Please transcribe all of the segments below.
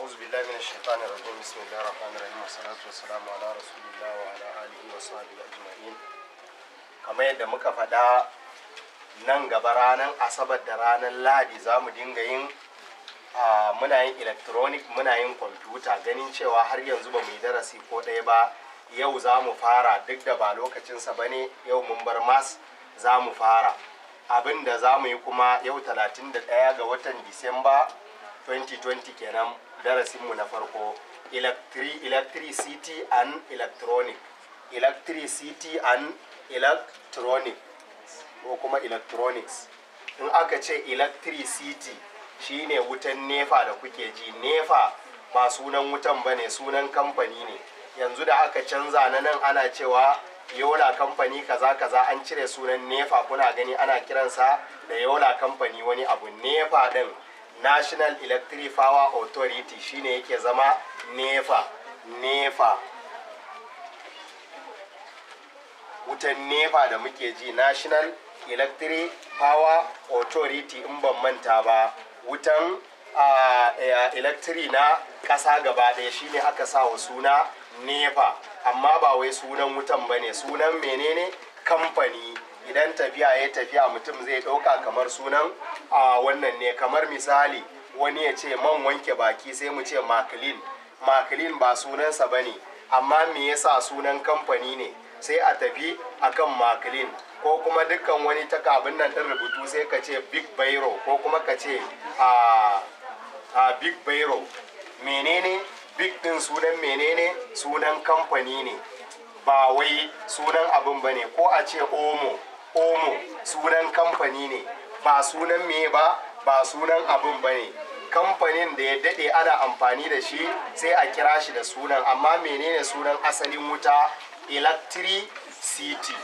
أعوذ بالله من الشيطان الرجيم بسم الله الرحمن الرحيم والصلاة والسلام على رسول الله وعلى آله وصحبه أجمعين kamar yadda muka faɗa nan gaba ranar asabar da ranar Lahadi za mu dinga yin muna yin electronic muna yin kwamfuta ganin cewa har yanzu ba mu yi darasi ko ɗaya ba yau za mu fara duk da ba lokacinsa ba ne yau mun bar mas za mu fara abin da za mu yi kuma yau ɗaya ga watan disamba 2020 kenan darasinmu na farko electricity and electronic electricity and electronic ko kuma electronics in aka ce electricity shine wutan nefa da kuke ji nefa ba sunan wutan ba ne sunan kamfani ne yanzu da aka canza na nan ana cewa yola kamfani kaza kaza an cire sunan nefa kuna gani ana kiransa da yola kamfani wani abu nefa din national electric power authority shine yake zama nefa nefa wutan nefa da muke ji national electric power authority in ban manta ba wutan electric na ƙasa gaba ɗaya shine aka sa wa suna nefa amma ba wai sunan wutan ba ne sunan menene kamfani idan tafiya ya tafiya mutum zai ɗauka kamar sunan a wannan ne kamar misali wani ya ce man wanke baki sai mu ce makilin makilin ba sunansa ba ne amma me yasa sunan kamfani ne sai a tafi akan makilin ko kuma dukkan wani takabin nan ɗin rubutu sai ka ce big bairo ko kuma ka ce a big bairo menene big ɗin sunan menene sunan kamfani ne ba wai sunan abin ba ne ko a ce omo omo sunan kamfani ne ba sunan me ba ba sunan abin ba ne kamfanin da ya daɗe ana amfani da shi sai a kira shi da sunan amma menene sunan asalin wuta electricity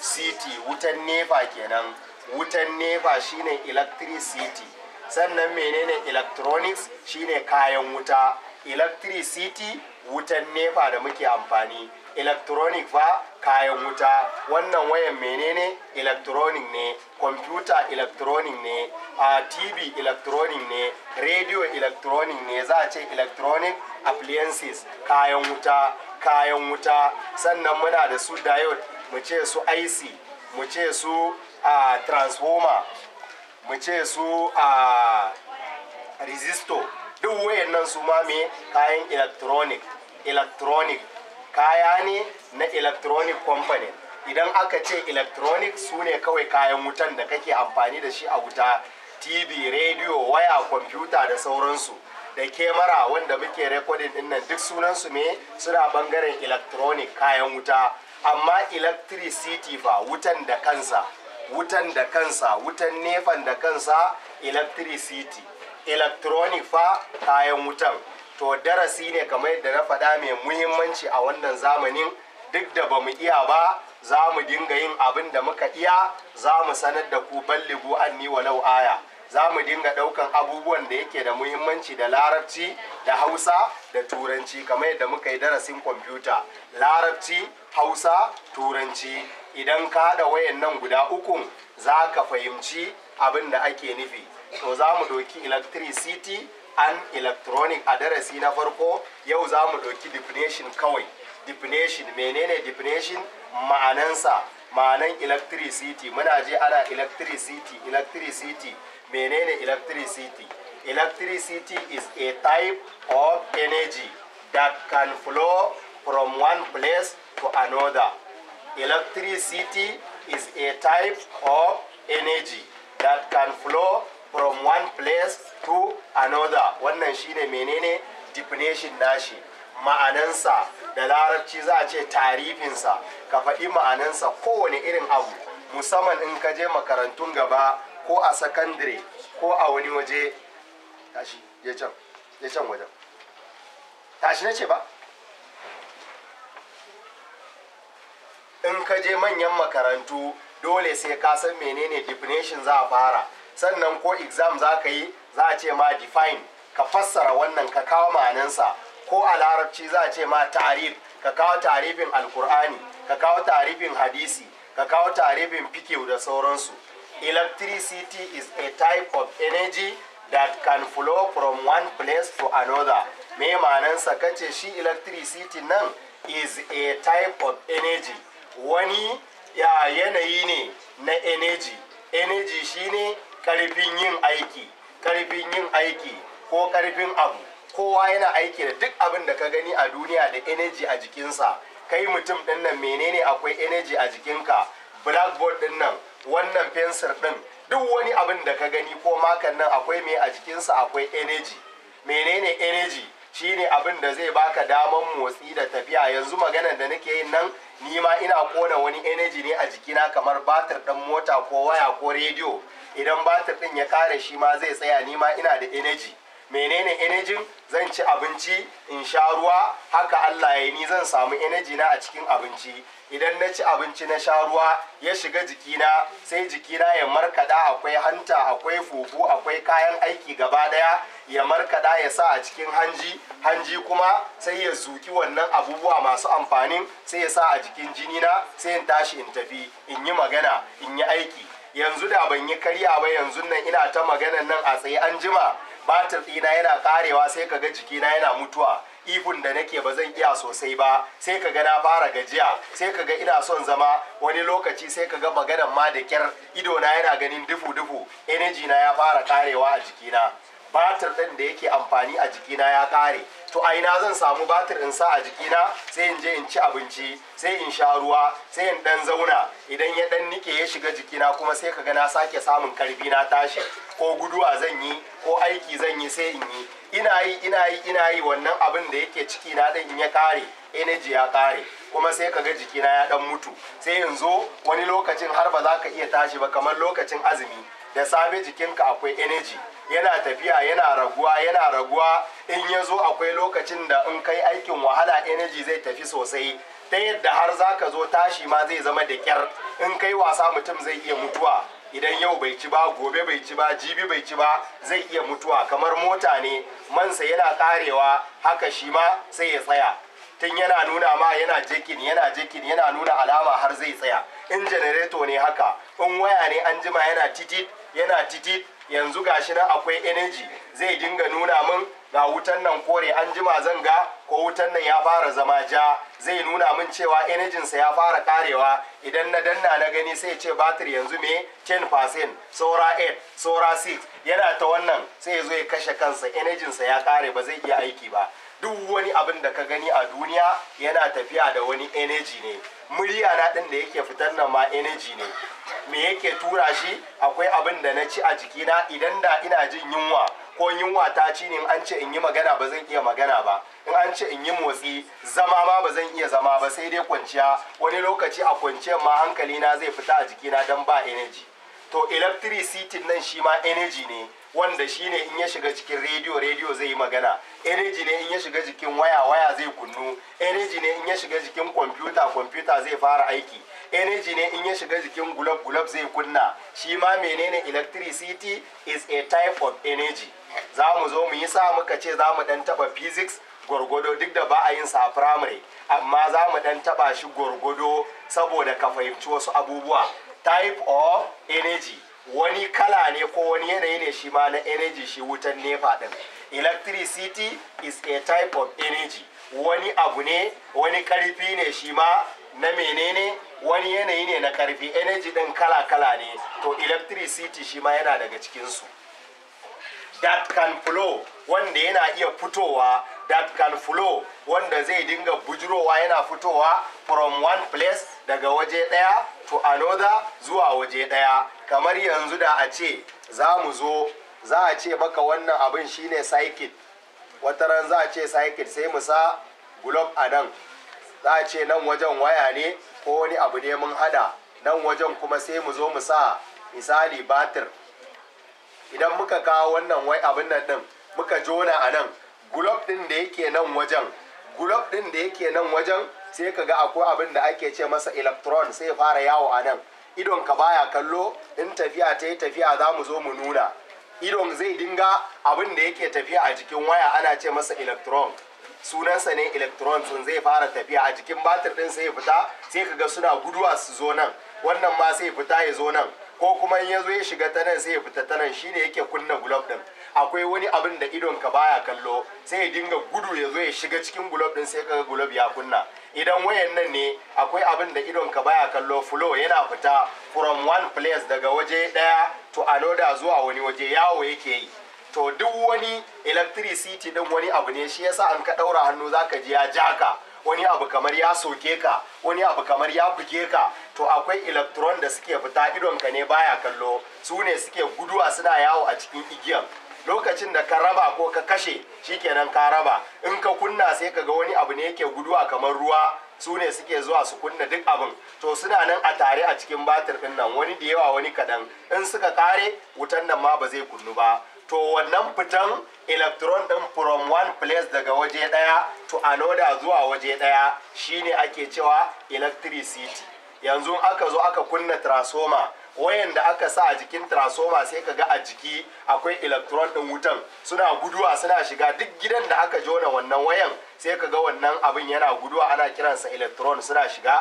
city wutan nefa kenan wutan nefa shine electricity sannan menene electronics shine kayan wuta electricity wutan nefa da muke amfani electronic fa kayan wuta wannan wayan menene electronic ne Computer electronic ne a tv electronic ne radio electronic ne za a ce electronic appliances kayan wuta kayan wuta sannan muna da su diode mu ce su ic mu ce su a transformer mu ce su a resistor duk wayannan su ma me kayan electronic electronic kaya ne na electronic company idan aka ce electronic sune kawai kayan wutan da kake amfani da shi a wuta tv radio waya kwamfuta da sauransu da kemara wanda muke rekodin dinnan duk sunansu ne suna bangaren electronic kayan wuta amma electricity fa wutan da kansa wutan da kansa wutan nefan da kansa electricity electronic fa kayan wutan to darasi ne kamar yadda na faɗa mai muhimmanci a wannan zamanin duk da ba mu iya ba za mu dinga yin abin da muka iya za mu sanar da ku ballibu anni walau aya za mu dinga ɗaukan abubuwan da yake da muhimmanci da larabci da hausa da turanci kamar yadda muka yi darasin kwamfuta larabci hausa turanci idan ka da wayan nan guda ukun za ka fahimci abin da ake nufi to za mu ɗauki electricity an electronic darasi na farko yau za mu ɗauki definition kawai definition menene definition ma'anansa ma'anan electricity muna je ana electricity electricity menene electricity electricity is a type of energy that can flow from one place to another electricity is a type of energy that can flow from one place to another wannan shine menene definition nashi ma'anansa da larabci za a ce tarifinsa ka faɗi ma'anansa kowane irin abu musamman in ka je makarantun gaba ko a secondary ko a wani waje tashi je can can wajen tashi na ce ba in ka je manyan makarantu dole sai ka san menene definition za a fara sannan ko exam za ka yi za a ce ma define ka fassara wannan ka kawo ma'anansa ko a larabci za a ce ma tarif ka kawo tarifin alkur'ani ka kawo tarifin hadisi ka kawo tarifin fikiu da sauransu electricity is a type of energy that can flow from one place to another me ma'anansa ka ce shi electricity nan is a type of energy wani ya yanayi ne na energy energy shine karfin yin aiki karfin yin aiki ko karfin abu kowa yana aiki da duk abin da ka gani a duniya da energy a jikinsa kai mutum ɗin nan menene akwai energy a jikinka blackboard ɗin nan wannan fensir ɗin duk wani abin da ka gani ko makan nan akwai me a jikinsa akwai energy menene energy shine abin da zai baka daman motsi da tafiya yanzu maganar da nake yin nan ni ma ina kona wani energy ne a jikina kamar batir ɗan mota ko waya ko rediyo idan batir din ya kare shi ma zai tsaya ni ma ina da energy menene energy zan ci abinci in sha ruwa haka Allah ya ni zan samu energy na a cikin abinci idan na ci abinci na sha ruwa ya shiga jikina sai jikina ya markada akwai hanta akwai fufu akwai kayan aiki gaba daya ya markada ya sa a cikin hanji hanji kuma sai ya zuki wannan abubuwa masu amfanin sai ya sa a jikin jinina sai in tashi in tafi in yi magana in yi aiki yanzu da ban yi karya ba yanzu nan ina ta maganan nan a tsaye an jima batir ɗina yana karewa sai kaga jikina yana mutuwa ihun da nake ba zan iya sosai ba sai kaga na fara gajiya sai kaga ina son zama wani lokaci sai kaga maganan ma da kyar ido na yana ganin dufu dufu energy na ya fara karewa a jikina batir ɗin da yake amfani a jikina ya kare to a ina zan samu batir in sa a jikina sai in je in ci abinci sai in sha ruwa sai in dan zauna idan ya dan nike ya shiga jikina kuma sai kaga na sake samun karfi na tashi ko guduwa zan yi ko aiki zan yi sai in yi ina yi ina yi ina yi wannan abin da yake ciki na dan in ya kare energy ya kare kuma sai ka ga jikina ya dan mutu sai in zo wani lokacin har ba za ka iya tashi ba kamar lokacin azumi da safe jikinka akwai energy yana tafiya yana raguwa yana raguwa in ya zo akwai lokacin da in kai aikin wahala energy zai tafi sosai ta yadda har za ka zo tashi ma zai zama da kyar in kai wasa mutum zai iya mutuwa idan yau bai ci ba gobe bai ci ba jibi bai ci ba zai iya mutuwa kamar mota ne mansa yana karewa haka shi ma sai ya tsaya tun yana nuna ma yana jikin yana jikin yana nuna alama har zai tsaya in janareto ne haka in waya ne an jima yana titit yana titit yanzu ga shi nan akwai energy zai dinga nuna min ga wutan nan kore an jima zan ga ko wutan nan ya fara zama ja zai nuna min cewa enejinsa ya fara karewa idan na danna na gani sai ce batir yanzu me 10% saura 8 saura 6 yana ta wannan sai zo ya kashe kansa enejinsa ya kare ba zai iya aiki ba duk wani abin da ka gani a duniya yana tafiya da wani energy ne murya na din da yake fitar nan ma energy ne me yake tura shi akwai abin da na ci a jikina idan da ina jin yunwa ko yunwa ta ci ne an ce in yi magana ba zan iya magana ba in an ce in yi motsi zama ma ba zan iya zama ba sai dai kwanciya wani lokaci a kwanciyar ma hankali na zai fita a jikina dan ba energy to electricity nan shi ma energy ne wanda shine in ya shiga cikin rediyo rediyo zai yi magana eneji ne in ya shiga jikin waya waya zai kunnu eneji ne in ya shiga jikin kwamfuta kwamfuta zai fara aiki eneji ne in ya shiga jikin gulab gulab zai kunna shi ma menene electricity is a type of energy za mu zo mu yi sa muka ce za mu dan taba physics gwargwado duk da ba a yin sa primary amma za mu dan taba shi gwargwado saboda ka fahimci wasu abubuwa type of energy wani kala ne ko wani yanayi ne shi ma na energy shi wutan nefa din electricity is a type of energy wani abu ne wani karfi ne shi ma na menene wani yanayi ne na karfi energy din kala-kala ne to electricity shi ma yana daga cikinsu that can flow wanda yana iya fitowa that can flow wanda zai dinga bujirowa yana fitowa from one place daga waje ɗaya to another zuwa waje ɗaya. kamar yanzu da a ce za mu zo za a ce maka wannan abin shine psychic wata ran za a ce psychic sai mu sa glob a nan za a ce nan wajen waya ne ko wani abu ne mun hada nan wajen kuma sai mu zo mu sa misali batir idan muka kawo wannan wai abin nan din muka jona a nan gulob din da yake nan wajen gulob din da yake nan wajen sai ka ga akwai abin da ake ce masa electron sai fara yawo a nan Idon idonka baya kallo in tafiya ta yi tafiya za mu zo mu nuna idon zai dinga abin da yake tafiya a jikin waya ana ce masa electron sunansa ne electron sun zai fara tafiya a jikin batir din sai fita sai kaga suna guduwa su zo nan wannan ma sai fita ya zo nan ko kuma in ya zo ya shiga ta nan sai ya fita ta nan shine yake kunna glove din akwai wani abin da idon ka baya kallo sai ya dinga gudu ya zo ya shiga cikin gulob din sai kaga gulob ya kunna idan wayan nan ne akwai abin da idon ka baya kallo flow yana fita from one place daga waje daya to another zuwa wani waje yawo yake yi to duk wani electricity din wani abu ne shi yasa an ka daura hannu zaka ji ya jaka wani abu kamar ya soke ka wani abu kamar ya buge ka to akwai electron da suke fita idon ka ne baya kallo su ne suke guduwa suna yawo a cikin igiyan lokacin da ka raba ko ka kashe shi shikenan ka raba in ka kunna sai ka ga wani abu ne yake guduwa kamar ruwa su ne suke zuwa su kunna duk abin to suna nan a tare a cikin batir din nan wani da yawa wani kaɗan in suka kare wutan nan ma ba zai kunnu ba to wannan fitan electron din from one place daga waje daya to anoda zuwa waje daya shine ake cewa electricity yanzu aka zo aka kunna transformer wayan da aka sa a jikin transformer sai ka ga a jiki akwai electron din wutan suna guduwa suna shiga duk gidan da aka jona wannan wayan sai ka ga wannan abin yana guduwa ana kiransa electron suna shiga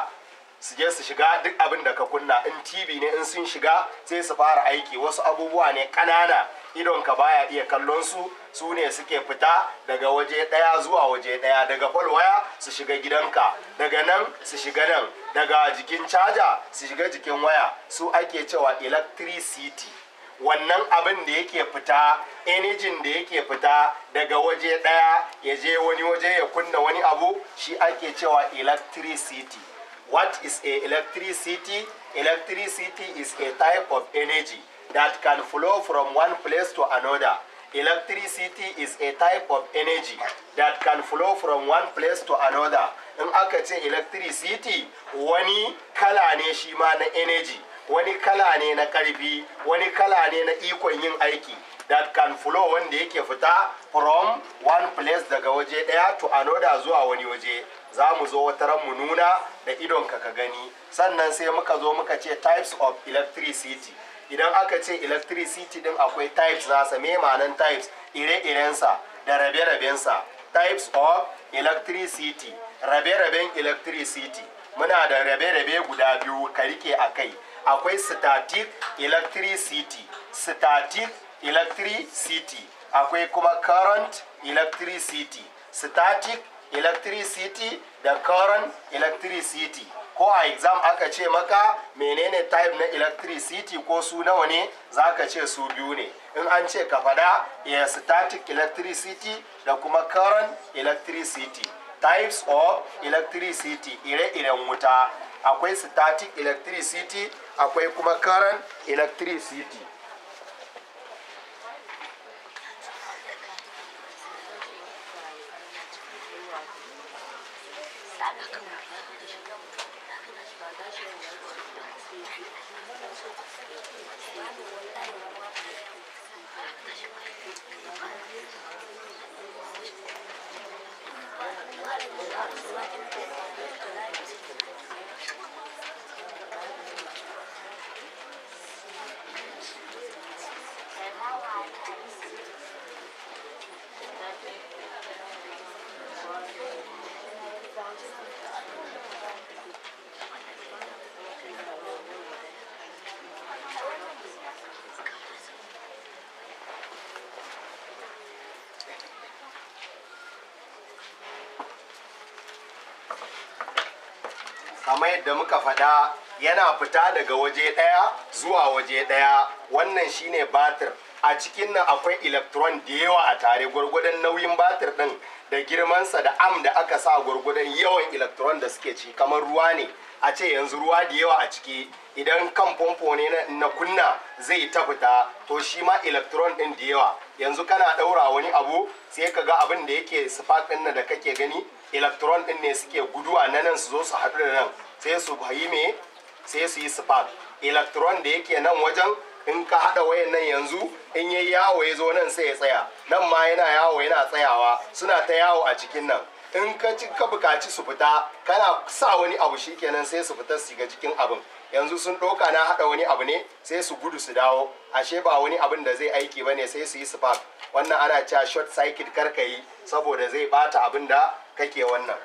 su je su shiga duk abin da ka kunna in tv ne in sun shiga sai su fara aiki wasu abubuwa ne kanana idon ka baya iya kallon su su ne suke fita daga waje ɗaya zuwa waje ɗaya daga falwaya su shiga gidanka daga nan su shiga nan daga jikin caja su shiga jikin waya su ake cewa electricity wannan abin da yake fita enijin da yake fita daga waje ɗaya ya je wani waje ya kunna wani abu shi ake cewa electricity what is a electricity electricity is a type of energy that can flow from one place to another electricity is a type of energy that can flow from one place to another in aka ce electricity wani kala ne shi ma na energy wani kala ne na karfi wani kala ne na ikon yin aiki that can flow wanda yake fita from one place daga waje daya to another zuwa wani waje za mu zo wata mu nuna da idonka ka gani sannan sai muka zo muka ce types of electricity idan aka ce electricity din akwai types nasa me manan types ire-irensa da rabe-rabensa types of electricity rabe-raben electricity muna da rabe-rabe guda biyu ka rike a kai akwai static electricity static electricity akwai kuma current electricity static electricity da current electricity ko a exam aka ce maka menene type na electricity ko su nawa ne za ka ce su biyu ne in an ce ka fada a eh, static electricity da kuma current electricity types of electricity ire-iren wuta akwai static electricity akwai kuma current electricity yadda muka faɗa yana fita daga waje ɗaya zuwa waje ɗaya wannan shine batir a cikin nan akwai electron da yawa a tare gwargwadon nauyin batir ɗin da girmansa da am da aka sa gwargwadon yawan electron da suke ci kamar ruwa ne a ce yanzu ruwa da yawa a ciki idan kan famfo ne na kunna zai ta fita to shi ma electron ɗin da yawa yanzu kana ɗaura wani abu sai ka ga abin da yake spark ɗin da kake gani electron ɗin ne suke guduwa na nan su zo su haɗu da nan sai su hayi me sai su yi spark electron da yake nan wajen in ka haɗa wayan nan yanzu in yi yawo ya zo nan sai ya tsaya nan ma yana yawo yana tsayawa suna ta yawo a cikin nan in ka ci ka bukaci su fita kana sa wani abu shikenan sai su fita su ga cikin abin yanzu sun ɗauka na haɗa wani abu ne sai su gudu su dawo ashe ba wani abin da zai aiki ba ne sai su yi spark wannan ana cewa short circuit karka saboda zai bata abin da kake wannan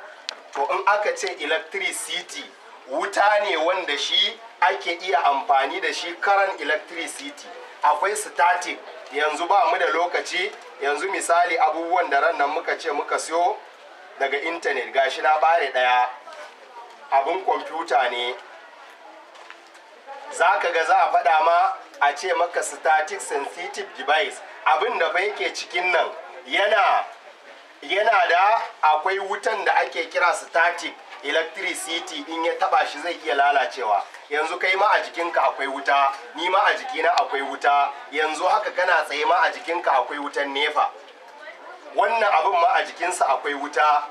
to in aka ce electricity wuta ne wanda shi ake iya amfani da shi karan electricity akwai static yanzu ba mu da lokaci yanzu misali abubuwan da ran muka ce muka siyo daga intanet gashi na bare daya abin kwamfuta ne za ka ga za a faɗa ma a ce maka static sensitive device abin da fa yake cikin nan yana yana da akwai wutan da ake kira static electricity in ya taba shi zai iya lalacewa yanzu kai ma a jikinka akwai wuta ni ma a jikina akwai wuta yanzu haka kana tsaye ma a jikinka akwai wutan nefa wannan abin ma a jikinsa akwai wuta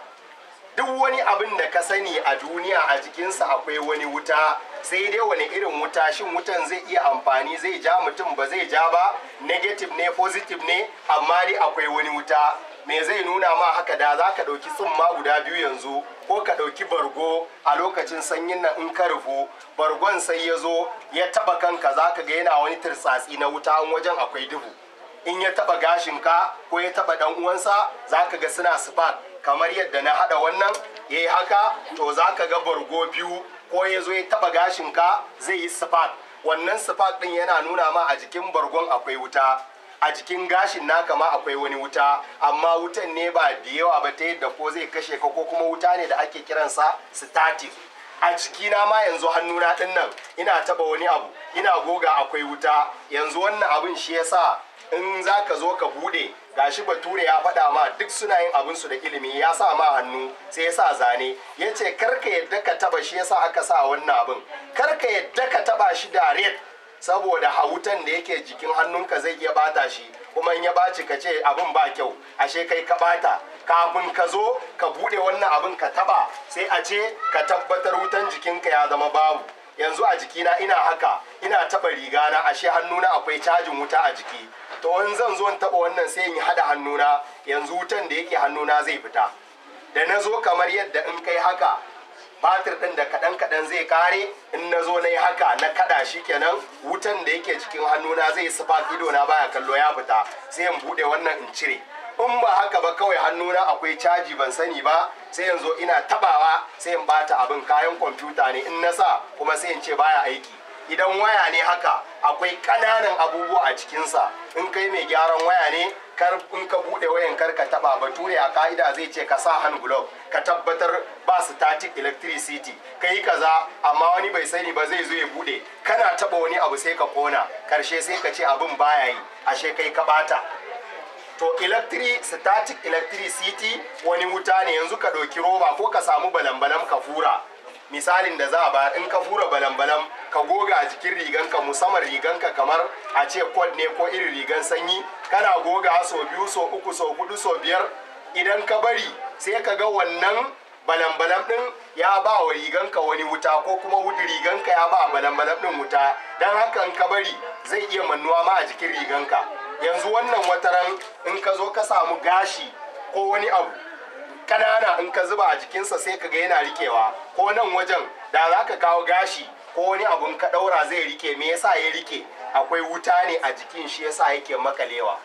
duk wani abin da ka sani a duniya a jikinsa akwai wani wuta sai dai wani irin wuta shin wutan zai iya amfani zai ja mutum ba zai ja ba negative ne positive ne amma dai akwai wani wuta me zai nuna ma haka da za ka ɗauki tsumma guda biyu yanzu ko ka ɗauki bargo a lokacin sanyin nan in ka rufu bargon sai ya zo ya taɓa kanka za ka ga yana wani tirtsatsi na wuta an wajen akwai duhu in ya taɓa gashinka ko ya taɓa ɗan uwansa za ka ga suna spark kamar yadda na haɗa wannan ya yi haka to za ka ga bargo biyu ko ya zo ya taɓa gashinka zai yi spark wannan spark ɗin yana nuna ma a jikin bargon akwai wuta a jikin gashin naka ma akwai wani wuta amma wutan ne ba da yawa ba ta yadda ko zai kashe ka ko kuma wuta ne da ake kiransa static a jikina ma yanzu hannuna din nan ina taba wani abu ina goga akwai wuta yanzu wannan abin shi yasa in za ka zo ka bude gashi bature ya faɗa ma duk suna yin abin su da ilimi ya sa ma hannu sai ya sa zane yace karka yadda ka taba shi yasa aka sa wannan abin karka yadda ka taba shi da red saboda wutan da yake jikin hannunka zai iya bata shi kuma in ya baci ka ce abin ba kyau ashe kai ka bata kafin ka zo ka bude wannan abin ka taba sai a ce ka tabbatar wutan jikinka ya zama babu yanzu a jikina ina haka ina taba rigana ashe hannuna akwai cajin wuta a jiki to in zan zo in taba wannan sai in haɗa hannuna yanzu wutan da yake hannuna zai fita da na zo kamar yadda in kai haka batir ɗin da kaɗan-kaɗan zai kare in na zo na yi haka na kaɗa shi kenan wutan da yake cikin hannuna zai sifa ido na baya kallo ya fita sai in buɗe wannan in cire in ba haka ba kawai hannuna akwai caji ban sani ba sai yanzu ina tabawa sai in bata abin kayan kwamfuta ne in na sa kuma sai in ce baya aiki idan waya ne haka akwai ƙananan abubuwa a cikinsa in kai mai gyaran waya ne kar in ka bude wayan kar ka taba bature a ka'ida zai ce ka sa hand glove ka tabbatar ba static electricity ka yi kaza amma wani bai sani ba zai zo ya bude kana taba wani abu sai ka kona karshe sai ka ce abin baya yi ashe kai ka bata to electric static electricity wani wuta ne yanzu ka ɗauki roba ko ka samu balambalam ka fura misalin da za a bayar in ka fura balambalam ka goga a jikin riganka musamman riganka kamar a ce kod ne ko irin rigan sanyi kana goga so biyu so uku so hudu so biyar idan ka bari sai ka ga wannan balambalam din ya ba wa riganka wani wuta ko kuma wuta riganka ya ba balam-balam din wuta don hakan ka bari zai iya mannuwa ma a jikin riganka yanzu wannan wataran in ka zo ka samu gashi ko wani abu kanana in ka zuba a jikinsa sai ka ga yana rikewa ko nan wajen da za ka kawo gashi ko wani abun ka ɗaura zai rike me yasa ya rike akwai wuta ne a jikin shi yasa yake makalewa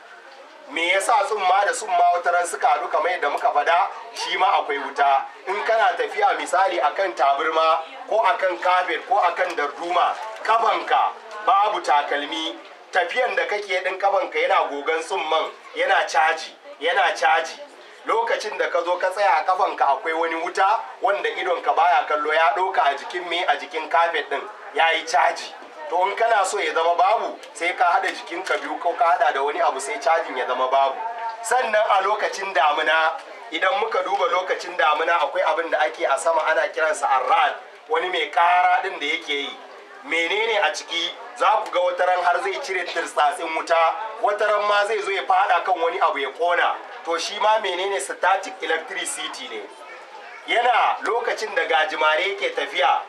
me yasa tsumma da tsumma wata ran suka haɗu kamar yadda muka fada shi ma akwai wuta in kana tafiya misali akan taburma ko akan kafet ko akan darduma kafanka babu takalmi tafiyan da kake din kafanka yana gogan tsumman yana caji yana caji lokacin da ka zo ka tsaya a ka akwai wani wuta wanda idonka baya kallo ya ɗauka a jikin me a jikin kafet ɗin ya yi caji to in kana so ya zama babu sai ka haɗa ka biyu ko ka haɗa da wani abu sai cajin ya zama babu sannan a lokacin damina idan muka duba lokacin damina akwai abin da ake a sama ana kiransa arrad wani mai kara ɗin da yake yi menene a ciki za ku ga wataran har zai cire tirtsatsin wuta wataran ma zai zo ya faɗa kan wani abu ya ƙona. to shi ma menene static electricity ne yana lokacin da gajimare ke tafiya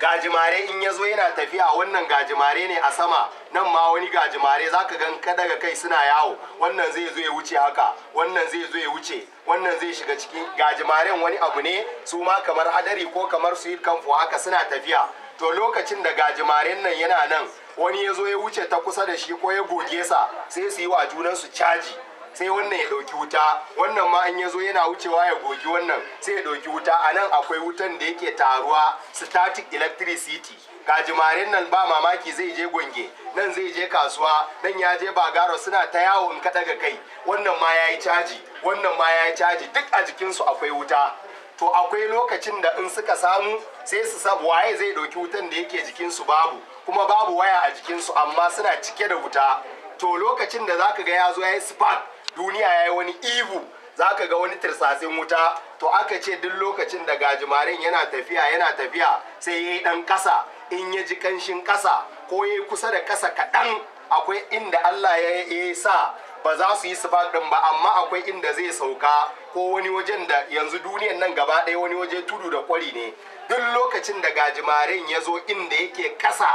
gajimare in ya zo yana tafiya wannan gajimare ne a sama nan ma wani gajimare za ka gan daga kai suna yawo wannan zai zo ya wuce haka wannan zai zo ya wuce wannan zai shiga cikin gajimaren wani abu ne su ma kamar hadari ko kamar su kamfo haka suna tafiya to lokacin da gajimaren nan yana nan wani ya zo ya wuce ta kusa da shi ko ya goge sa sai su yi wa junansu caji sai wannan ya ɗauki wuta wannan ma in ya zo yana wucewa ya goge wannan sai ya ɗauki wuta a nan akwai wutan da yake taruwa static electricity gajimaren nan ba mamaki zai je gonge. nan zai je kasuwa nan ya je bagaro suna ta yawo in ga ga kai wannan ma ya yi caji wannan ma ya yi caji duk a jikinsu akwai wuta to akwai lokacin da in suka samu sai su sabu waye zai ɗauki wutan da yake jikinsu babu kuma babu waya a jikinsu amma suna cike da wuta to lokacin da zaka ga ya zo ya yi spark duniya ya yi wani ihu za ka ga wani tirsasin wuta to aka ce duk lokacin da gajimarin yana tafiya yana tafiya sai ya yi ɗan ƙasa in ya ji ƙanshin ƙasa ko ya yi kusa da ƙasa kaɗan akwai inda Allah ya yi sa ba za su yi sifak ɗin ba amma akwai inda zai sauka ko wani wajen da yanzu duniyan nan gaba ɗaya wani waje tudu da kwari ne duk lokacin da gajimarin ya zo inda yake ƙasa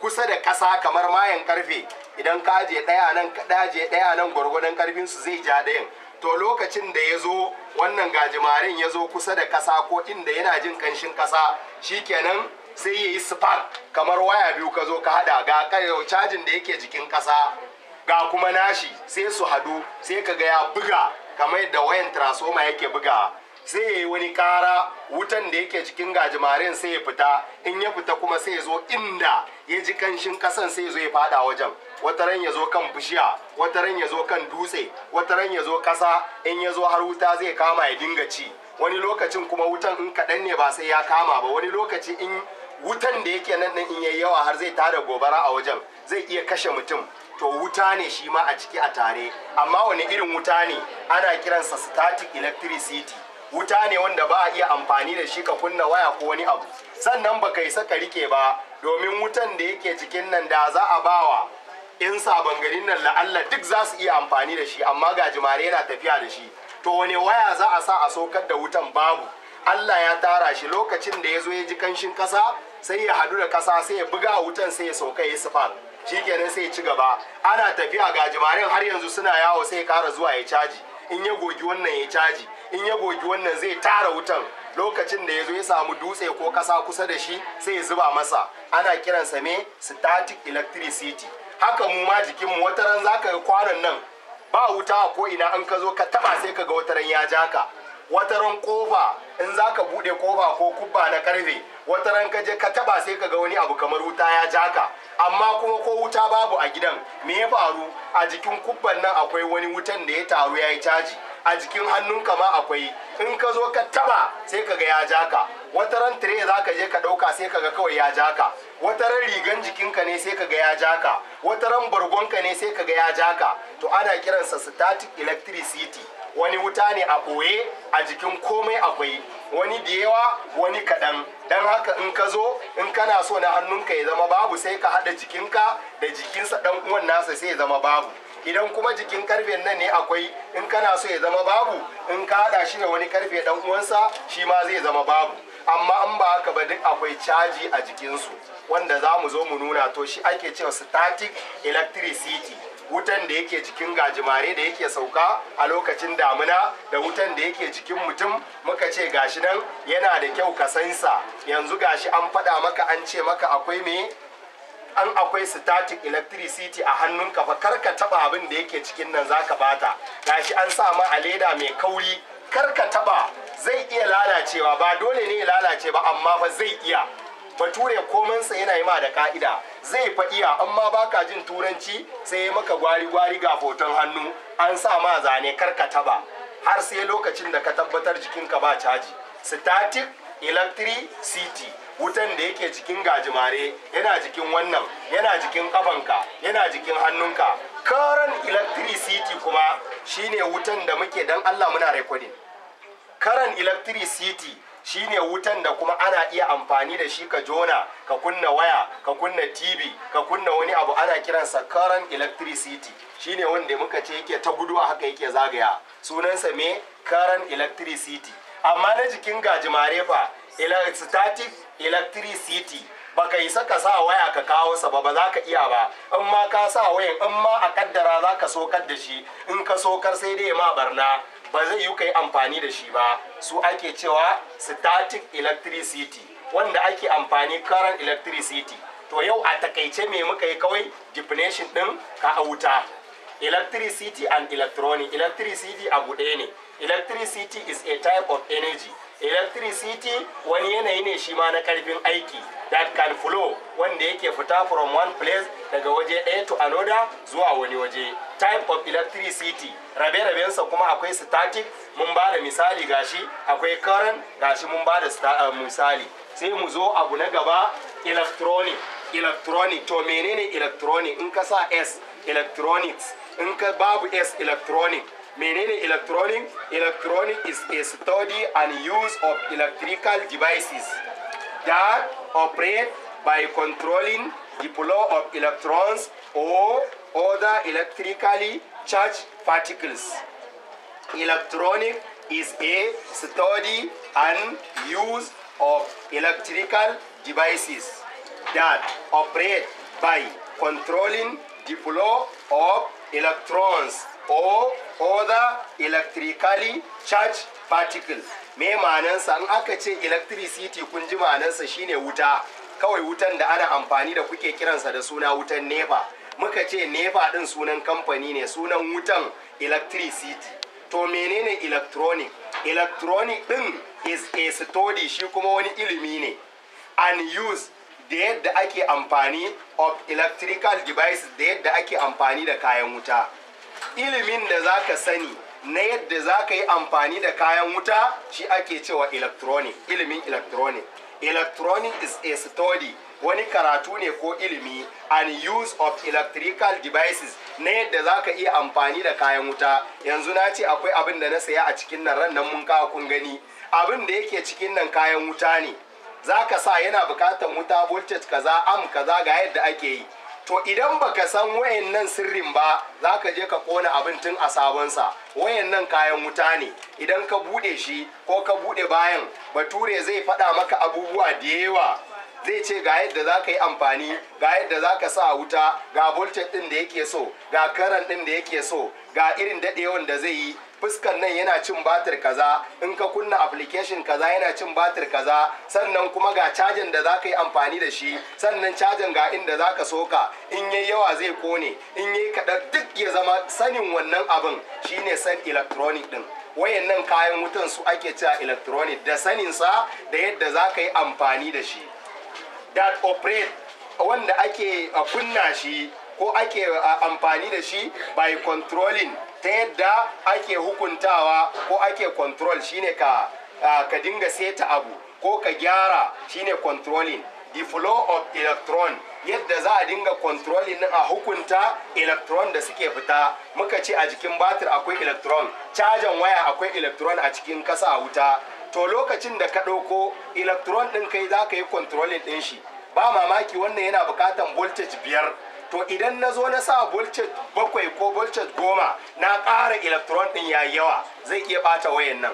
kusa da ƙasa kamar mayan ƙarfe idan ka je ɗaya nan ka ɗaya nan gwargwadon karfin su zai ja dayan to lokacin da yazo wannan gajimarin ya zo kusa da ƙasa ko inda yana jin kanshin ƙasa shikenan sai yayi yi spark kamar waya biyu ka zo ka hada ga cajin da yake jikin ƙasa ga kuma nashi sai su hadu sai ka ga ya buga kamar yadda wayan transformer yake buga sai yayi wani kara wutan da yake cikin gajimarin sai ya fita in ya fita kuma sai ya zo inda ya ji kanshin kasan sai ya zo ya fada wajen wata ran ya zo kan bishiya wata ran ya zo kan dutse wata ran ya zo ƙasa in ya zo har wuta zai kama ya dinga ci wani lokacin kuma wutan in kaɗan ne ba sai ya kama ba wani lokaci in wutan da yake nan ɗin in yayi yawa har zai tada gobara a wajen zai iya kashe mutum to wuta ne shi ma a ciki a tare amma wani irin wuta ne ana kiransa static electricity wuta ne wanda ba a iya amfani da shi ka kunna waya ko wani abu sannan ba yi saka rike ba domin wutan da yake cikin nan da za a bawa in sabon garin nan la'alla duk za su iya amfani da shi amma ga jimare yana tafiya da shi to wani waya za a sa a sokar da wutan babu Allah ya tara shi lokacin da ya zo ya ji kanshin kasa sai ya hadu da kasa sai ya buga wutan sai ya sauka ya sufa kenan sai ya ci gaba ana tafiya ga jimaren har yanzu suna yawo sai ya kara zuwa ya caji in ya gogi wannan ya caji in ya gogi wannan zai tara wutan lokacin da ya zo ya samu dutse ko kasa kusa da shi sai ya zuba masa ana kiransa me static electricity haka mu ma jikinmu wata ran za ka kwanan nan ba wuta a ina in ka zo ka taba sai ka ga wata ran ya ja ka wata ran kofa in za ka buɗe kofa ko kubba na karfe wata ran ka je ka taba sai ka ga wani abu kamar wuta ya ja ka amma kuma ko wuta babu a gidan me ya faru a jikin kubban nan akwai wani wutan da ya taru ya yi caji a jikin hannunka ma akwai in ka zo ka taba sai ka ga ya ja ka wata ran tire za ka je ka ɗauka sai ka ga kawai ya ja ka wata ran rigan jikinka ne sai kaga ya jaka wata ran bargonka ne sai kaga ya jaka to ana kiransa static electricity wani wuta ne a ɓoye a jikin komai akwai wani da yawa wani kaɗan don haka in ka zo in kana so na hannunka ya zama babu sai ka haɗa jikinka da jikinsa ɗan uwan nasa sai ya zama babu idan kuma jikin karfen nan ne akwai in kana so ya zama babu in ka haɗa shi da wani karfe ɗan uwansa shi ma zai zama babu amma an ba haka ba duk akwai caji a jikinsu wanda za mu zo mu nuna to shi ake cewa static electricity wutan da yake jikin gajimare da yake sauka a lokacin damina da wutan da yake jikin mutum muka ce gashi nan yana da kyau ka sansa yanzu gashi an faɗa maka an ce maka akwai me an akwai static electricity a hannunka fa kar ka taba abin da yake cikin nan zaka bata gashi an sa ma a leda mai kauri kar ka taba zai iya lalacewa ba dole ne ya lalace ba amma ba zai iya bature komansa yana yi ma da ka'ida zai fa amma baka jin turanci sai ya maka gwari gwari ga hoton hannu an sa ma zane kar ka taba har sai lokacin da ka tabbatar jikinka ba caji static electricity wutan da yake jikin gajimare yana jikin wannan yana jikin kafanka yana jikin hannunka Karan electricity kuma shine wutan da muke dan Allah muna recording current electricity shine wutan da kuma ana iya amfani da shi ka jona ka kunna waya ka kunna tv ka kunna wani abu ana kiransa current electricity shine wanda muka ce yake ta gudu a haka yake zagaya sunansa me karan electricity amma na jikin gajimare fa electricity baka isa ka sa waya ka kawo sa ba ba za ka iya ba in ma ka sa wayan in ma a kaddara za ka sokar da shi in ka sokar sai dai ma barna ba zai yi ka yi amfani da shi ba su ake cewa static electricity wanda ake amfani current electricity to yau a takaice me muka yi kawai definition din ka a wuta electricity and electronic electricity abu ɗaya ne electricity is a type of energy electricity wani yanayi ne shi ma na karfin aiki that can flow wanda yake fita from one place daga waje ɗaya to another zuwa wani waje type of electricity rabe-rabensa kuma akwai static mun ba da misali gashi akwai current gashi mun ba da eh, misali sai mu zo abu na gaba electronic electronic to menene electronic in ka sa s electronics in ka babu s electronic menene electronic electronic is a study and use of electrical devices that operate by controlling the flow of electrons or other electrically charged particles. Electronic is a study and use of electrical devices that operate by controlling the flow of electrons o other electrically charged particles me ma'anansa in aka ce electricity kun ji ma'anansa shine wuta kawai wutan da ana amfani da kuke kiransa da suna wutan nefa muka ce nefa din sunan kamfani ne sunan wutan electricity to menene electronic electronic din is a study shi kuma wani ilimi ne and use da yadda ake amfani of electrical devices da yadda ake amfani da kayan wuta ilimin da za ka sani na yadda za ka yi amfani da kayan wuta shi ake cewa electronic ilimin electronic electronic is a study wani karatu ne ko ilimi and use of electrical devices na yadda za ka iya amfani da kayan wuta yanzu na ce akwai abin da na saya a cikin nan ran nan mun kawo kun gani abin da yake cikin nan kayan wuta ne za ka sa yana bukatan wuta voltage kaza am kaza ga yadda ake yi to idan baka san wayan nan sirrin ba za ka je ka kona abin tun a sabonsa nan kayan wuta ne idan ka bude shi ko ka bude bayan bature zai faɗa maka abubuwa da yawa zai ce ga yadda za ka yi amfani ga yadda za ka sa wuta ga voltage ɗin da yake so ga karan ɗin da yake so ga irin daɗewan da zai yi fuskan nan yana cin batir kaza in ka kunna application kaza yana cin batir kaza sannan kuma ga cajin da zaka yi amfani da shi sannan cajin ga inda zaka soka in yayi yawa zai kone in yayi kaɗan duk ya zama sanin wannan abin shine san electronic din wayannan kayan wutan su ake cewa electronic da sanin sa da yadda za ka yi amfani da shi that operate wanda ake kunna shi ko ake amfani da shi by controlling ta yadda ake hukuntawa ko ake kontrol shine ka ka dinga seta abu ko ka gyara shine controlling the flow of electron yadda za a dinga controlling a hukunta electron da suke fita muka ce a jikin batir akwai electron cajan waya akwai electron a cikin kasa wuta to lokacin da ka ɗauko electron ɗin kai za ka yi controlling ɗin shi ba mamaki wannan yana bukatan voltage biyar to idan na zo na sa voltage bakwai ko voltage goma na ƙara electron ɗin ya yawa zai iya ɓata wayan nan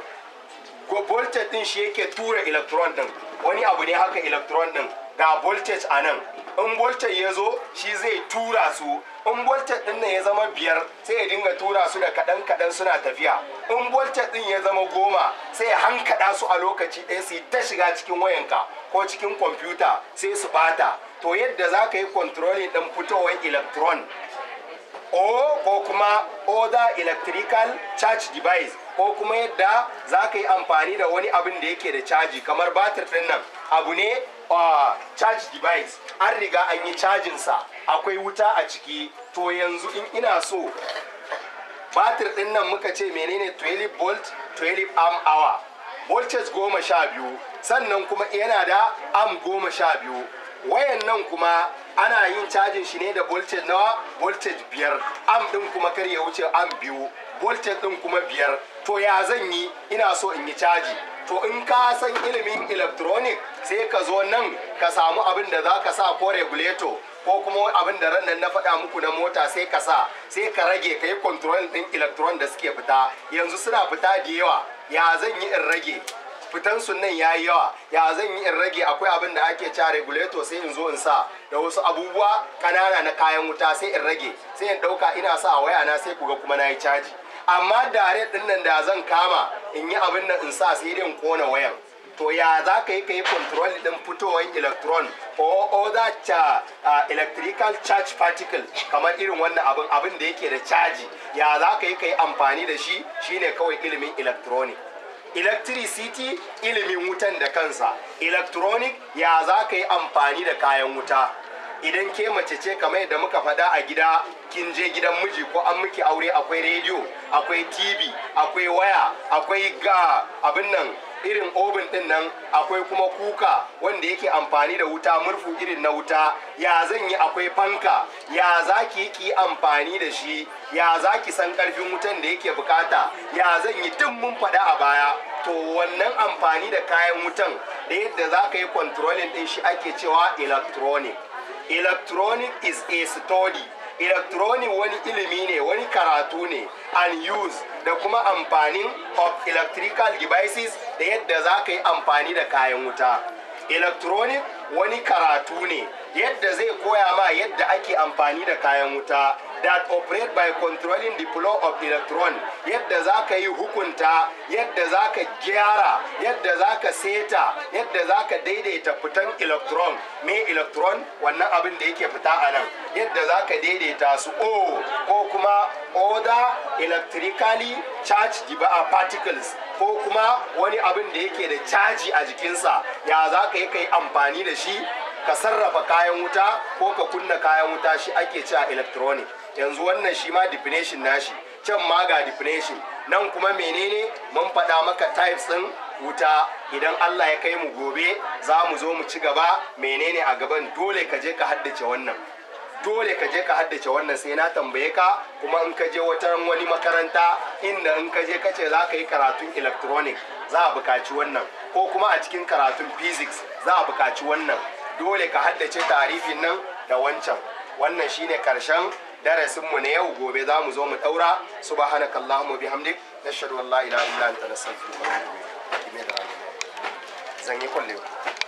voltage ɗin shi yake tura electron ɗin wani abu ne haka electron ɗin ga voltage a nan in voltage ya zo shi zai tura su in voltage din nan ya zama biyar sai ya dinga tura su da kaɗan kaɗan suna tafiya in voltage din ya zama goma sai ya hankaɗa su a lokaci ɗaya su ta shiga cikin wayanka ko cikin kwamfuta sai su bata. to yadda za ka yi controlling ɗin fitowar electron o ko kuma other electrical charge device ko kuma yadda za ka yi amfani da wani abin da yake da caji kamar batir ɗin nan abu ne a charge device an riga an yi cajin sa akwai wuta a ciki to yanzu in ina so batir din nan muka ce menene 12 volt 12 amp hour voltage goma sha biyu sannan kuma yana da am goma sha biyu wayan nan kuma ana yin cajin shi ne da voltage nawa voltage biyar am din kuma kar ya wuce am biyu voltage din kuma biyar to ya zan yi ina so in yi caji to in ka san ilimin electronic sai ka zo nan ka samu abin da za ka sa ko regulator ko kuma abin da ran na faɗa muku na mota sai ka sa sai ka rage ka yi control ɗin electron da suke fita yanzu suna fita da yawa ya zan yi in rage fitan sun nan ya yi yawa ya zan yi in rage akwai abin da ake cewa regulator sai in zo in sa da wasu abubuwa kanana na kayan wuta sai in rage sai in ɗauka ina sa a waya na sai ku ga kuma na yi caji amma da ɗin nan da zan kama in yi abin nan in sa sai dai kona wayan to ya za ka yi ka yi control din fitowar electron or other cha, uh, electrical charge particle kamar irin wannan abin abin da yake da caji ya za ka yi ka yi amfani da shi shine kawai ilimin electronic electricity ilimin wutan da kansa electronic ya za ka yi amfani da kayan wuta idan ke mace ce kamar yadda muka fada a gida kin je gidan miji ko an miki aure akwai rediyo akwai tv akwai waya akwai ga abin nan irin obin din nan akwai kuma kuka wanda yake amfani da wuta murfu irin na wuta ya zan yi akwai fanka ya za ki ki amfani da shi ya za ki san karfin wutan da yake bukata ya zan yi duk mun faɗa a baya to wannan amfani da kayan wutan da yadda za ka yi controlling din shi ake cewa electronic electronic is a study electronic wani ilimi ne wani karatu ne and use da kuma amfanin of electrical devices da yadda za ka yi amfani da kayan wuta electronic wani karatu ne yadda zai koya ma yadda ake amfani da kayan wuta that operate by controlling the flow of electron yadda za ka yi hukunta yadda za ka gyara yadda za ka seta yadda za ka daidaita fitan electron me electron wannan abin da yake fita a nan yadda za ka daidaita su o ko kuma order electrically charged uh, particles ko kuma wani abin da yake da caji a jikinsa ya za ka yi ka yi amfani da shi ka sarrafa kayan wuta ko ka kunna kayan wuta shi ake ci a electronic yanzu wannan shi ma definition nashi can ma ga definition nan kuma menene mun faɗa maka types ɗin wuta idan Allah ya kai mu gobe za mu zo mu ci gaba menene a gaban dole ka je ka haddace wannan dole ka je ka haddace wannan sai na tambaye ka kuma in ka je wata wani makaranta inda in ka je ka ce za ka yi karatun electronic za a buƙaci wannan ko kuma a cikin karatun physics za a buƙaci wannan dole ka haddace tarifin nan da wancan wannan shine karshen darasin mu ne yau gobe za mu zo mu daura subhanaka wa bihamdik nashhadu an la ilaha illa anta nastaghfiruka wa natubu ilaik zan yi kullewa